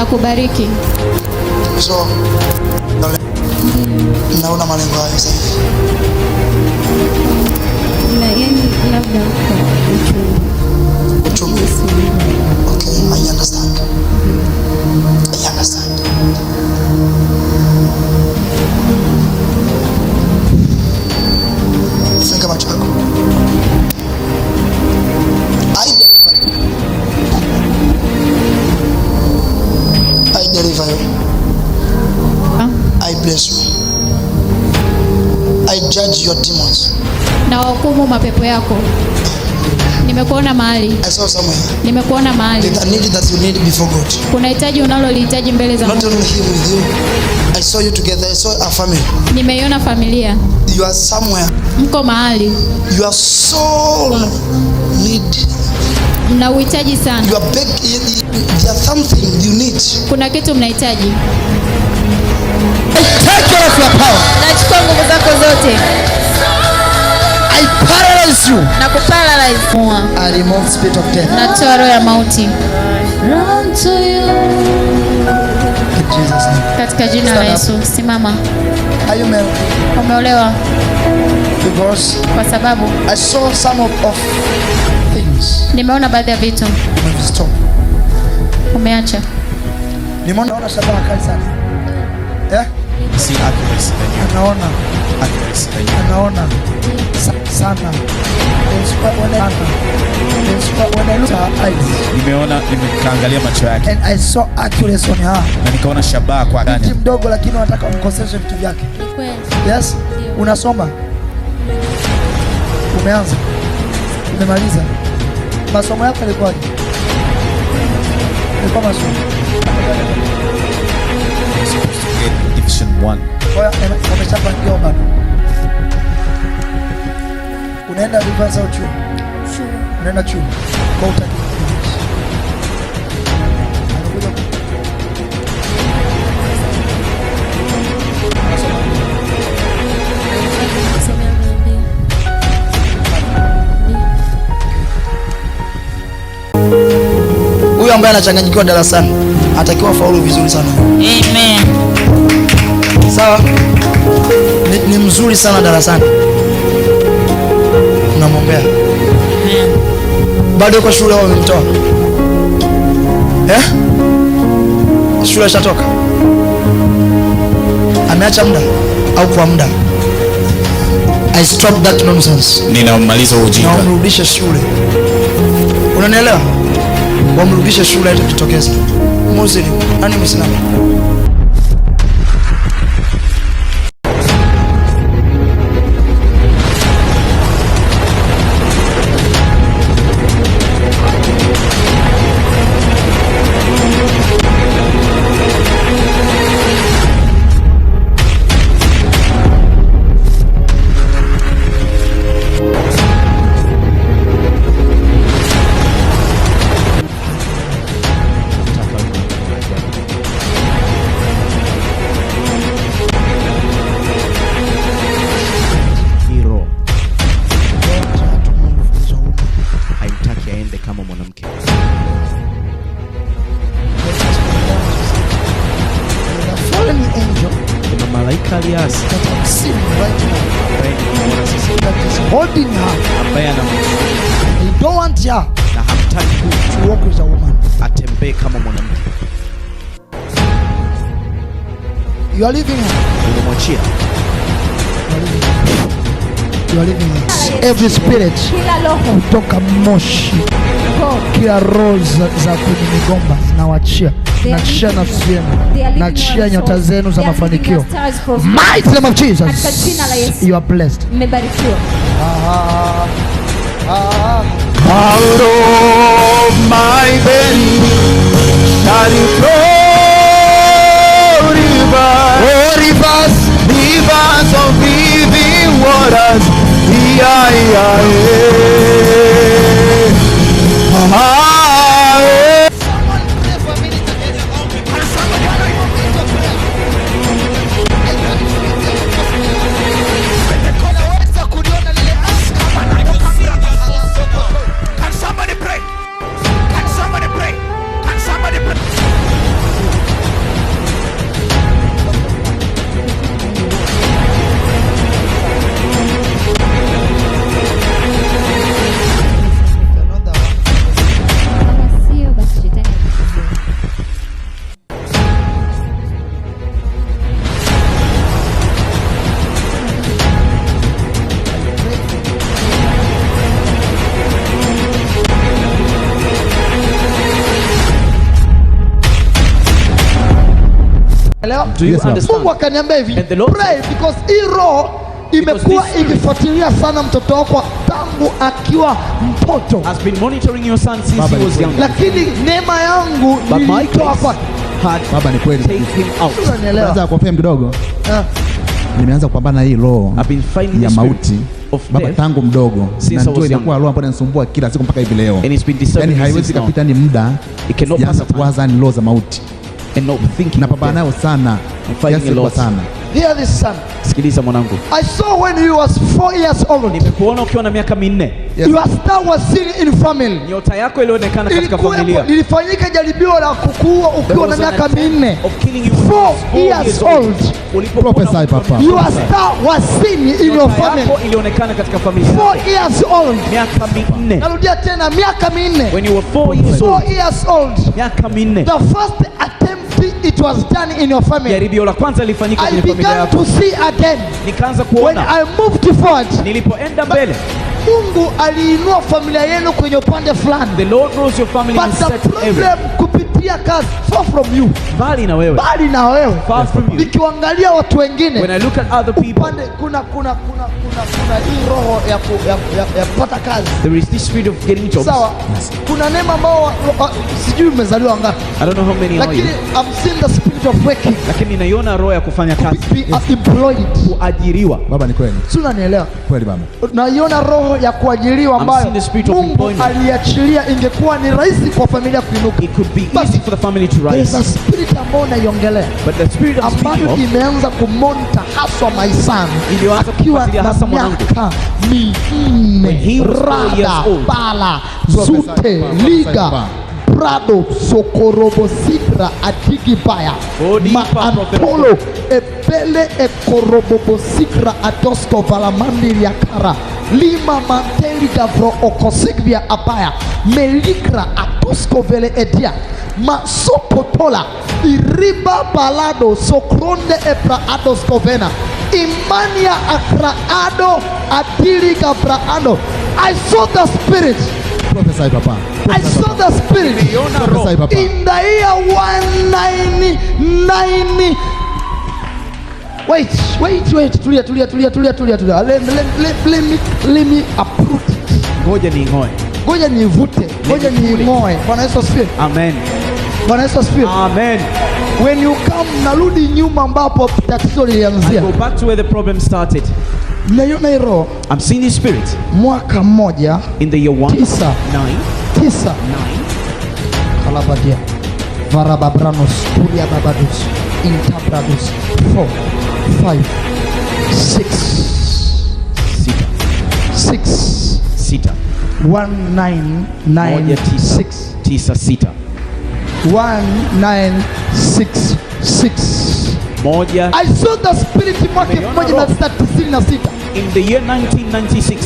Akubariki. So, naona malengo hayo sasa Na yani labda kwa uchumi. Uchumi. judge your demons. Na wahukumu mapepo yako. Nimekuona mahali. I saw somewhere. Nimekuona mahali. There's need that you need before God. Kuna hitaji unalolihitaji mbele za Mungu. Not only with you. I saw you together. I saw a family. Nimeiona familia. You are somewhere. Mko mahali. You are so need. Mna uhitaji sana. You are beg, there's something you need. Kuna kitu mnahitaji. I take all your power. Nachukua nguvu zako zote. I paralyze you. I remove spirit of death. roho ya mauti. Run to you. Katika jina la Yesu, simama. Are you Umeolewa? Because kwa sababu I saw some of, of things. Nimeona baadhi ya vitu. Umeacha. Nimeona sadaka kali sana eh? Si Nimeona, nimekaangalia macho yake. And I saw accuracy on her. Na nikaona shabaha kwa gani. Mti mdogo lakini unataka umkoseshe vitu vyake. Yes? Unasoma? Umeanza? Umemaliza? Masomo yako yalikuwaje? Ilikuwa masomo Section 1. huyo ambaye anachanganyikiwa darasani atakiwa faulu vizuri sana. Amen ni, ni mzuri sana darasani, namwombea bado kwa shule wamemtoa eh? Shule ashatoka ameacha muda au kwa muda. I stop that nonsense, ninamaliza ujinga, wamrudishe shule, unanielewa? Wamrudishe shule, atakitokeza Muslim nani Muislamu standing her. Ambaye anamzungumza. You don't want her. Na hamtaki huyu. To walk with a woman. Atembee kama mwanamke. You are leaving her. Unamwachia. You are leaving her. Every spirit kutoka Moshi kila roho za kwenye migomba zinawachia, nachia nafsi yenu, nachia nyota zenu za mafanikio. Mighty name of Jesus, you are blessed. Mmebarikiwa. out of my belly shall flow rivers, oh rivers, rivers of living waters. Yeah, yeah, yeah. Do you yes, understand? Mungu akaniambia hivi, pray because hii roho imekuwa ikifuatilia sana mtoto wako tangu akiwa mtoto, has been monitoring your son since Baba he was young. Lakini neema yangu nilitoa kwa Baba, ni kweli. Unaweza kuwapea kidogo, nimeanza kupambana na hii roho ya mauti Baba tangu mdogo ilikuwa roho ambayo inanisumbua kila siku mpaka hivi leo, yaani haiwezi kupita ni muda kuwaza ni roho za mauti and overthinking. Napambana nayo sana Hear this son. Sikiliza mwanangu. I saw when he was four years old. Nimekuona ukiwa na miaka minne. Your star was seen in family. Nyota yako ilionekana katika familia. Ilifanyika jaribio la kukua ukiwa na miaka minne. Four years old. Prophesy papa. Your star was seen in your family. Nyota yako ilionekana katika familia. Four years old. Miaka minne. Narudia tena miaka minne. When you were four years old. Four years old. Miaka minne. The first it was done in your family. Jaribio la kwanza lilifanyika kwenye familia yako. I began to see again. Nikaanza kuona. When I moved forward. Nilipoenda mbele. Mungu aliinua familia yenu kwenye upande fulani. The Lord knows your family in certain area. But the problem kupitia kazi, far from you, bali na wewe, bali na wewe. far from you. Nikiangalia watu wengine, when I look at other people, upande kuna kuna kuna kuna kuna hii roho ya ku, ya, ya, ya kupata kazi, there is this spirit of getting jobs. Sawa, kuna neema ambao sijui umezaliwa ngapi, I don't know how many, lakini I'm seeing the spirit lakini naiona roho ya kufanya kazi, kuajiriwa. Baba ni kweli, unanielewa? Kweli baba, naiona roho ya kuajiriwa ambayo Mungu aliachilia. Ingekuwa ni rahisi kwa familia kuinuka, spirit ambayo naiongelea ambayo imeanza kumonta haswa Maisani akiwa na miaka minne rada bala zute liga prado sokorobosidra adigibaya maantolo ebele ekorobobosidra adoskovalamandiriakara lima manteli davro okosigvia abaya melikra atoskovele edia ma sopotola iriba balado sokronde ebra adoskovena imania akraado adiri gavraano i saw the spirit prophesy papa I saw the spirit in the year 199 wait wait wait tulia tulia tulia tulia tulia tulia let me let me let me approve it ngoja niingoe ngoja nivute ngoja ngoe. bwana Yesu asifiwe amen bwana Yesu asifiwe amen when you come narudi nyuma ambapo tatizo lilianzia go back to where the problem started naiona hilo I'm seeing the spirit mwaka mmoja in the year one. Tisa. Nine tisa kalabadia varababranos kuria babadus intabradus 4 5 6 sita six sita one nine nine six tisa sita one nine six six I saw the spirit 1996 in the year mwaka 1996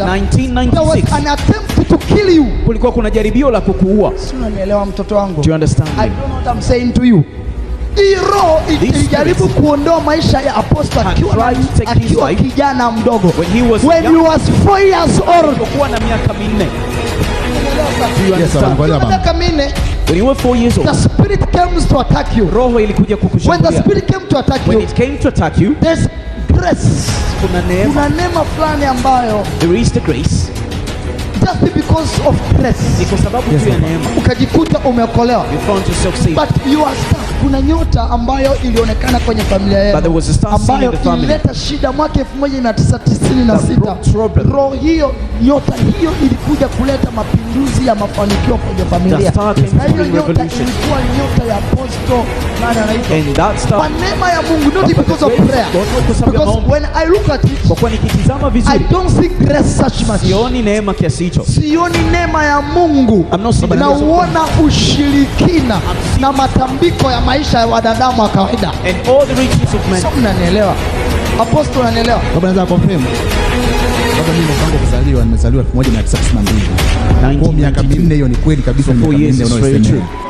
1996 there was an attempt to kill you. Kulikuwa kuna jaribio la kukuua. Si unanielewa mtoto wangu? Do you understand? I don't know what I'm saying to you. Hii roho ilijaribu kuondoa maisha ya apostle akiwa akiwa kijana mdogo. When he was when young, he was 4 years old. Alikuwa na miaka minne. Miaka minne. When you were four years old, the spirit comes to attack you. Roho ilikuja kukushambulia. When the spirit came to attack you, when it came to attack you, there's grace. Kuna neema. Kuna neema fulani ambayo there is the grace just because of grace, ni kwa sababu tu ya neema ukajikuta umeokolewa, but you are stuck kuna nyota ambayo ilionekana kwenye familia yenu ambayo ilileta shida mwaka 1996. Roho hiyo, nyota hiyo ilikuja kuleta mapinduzi ya mafanikio kwenye familia, na hiyo nyota ilikuwa nyota ya apostle kwa neema ya Mungu, not because of prayer, because when I look at it, kwa kuwa nikitizama vizuri, I don't see grace such much, sioni neema kiasi hicho, sioni neema ya Mungu, nauona ushiriki hazina na matambiko ya maisha ya wanadamu wa kawaida. Mnanielewa? Apostol, unanielewa? Kuzaliwa nimezaliwa 1992 na miaka minne, hiyo ni kweli kabisa, miaka minne unayosemea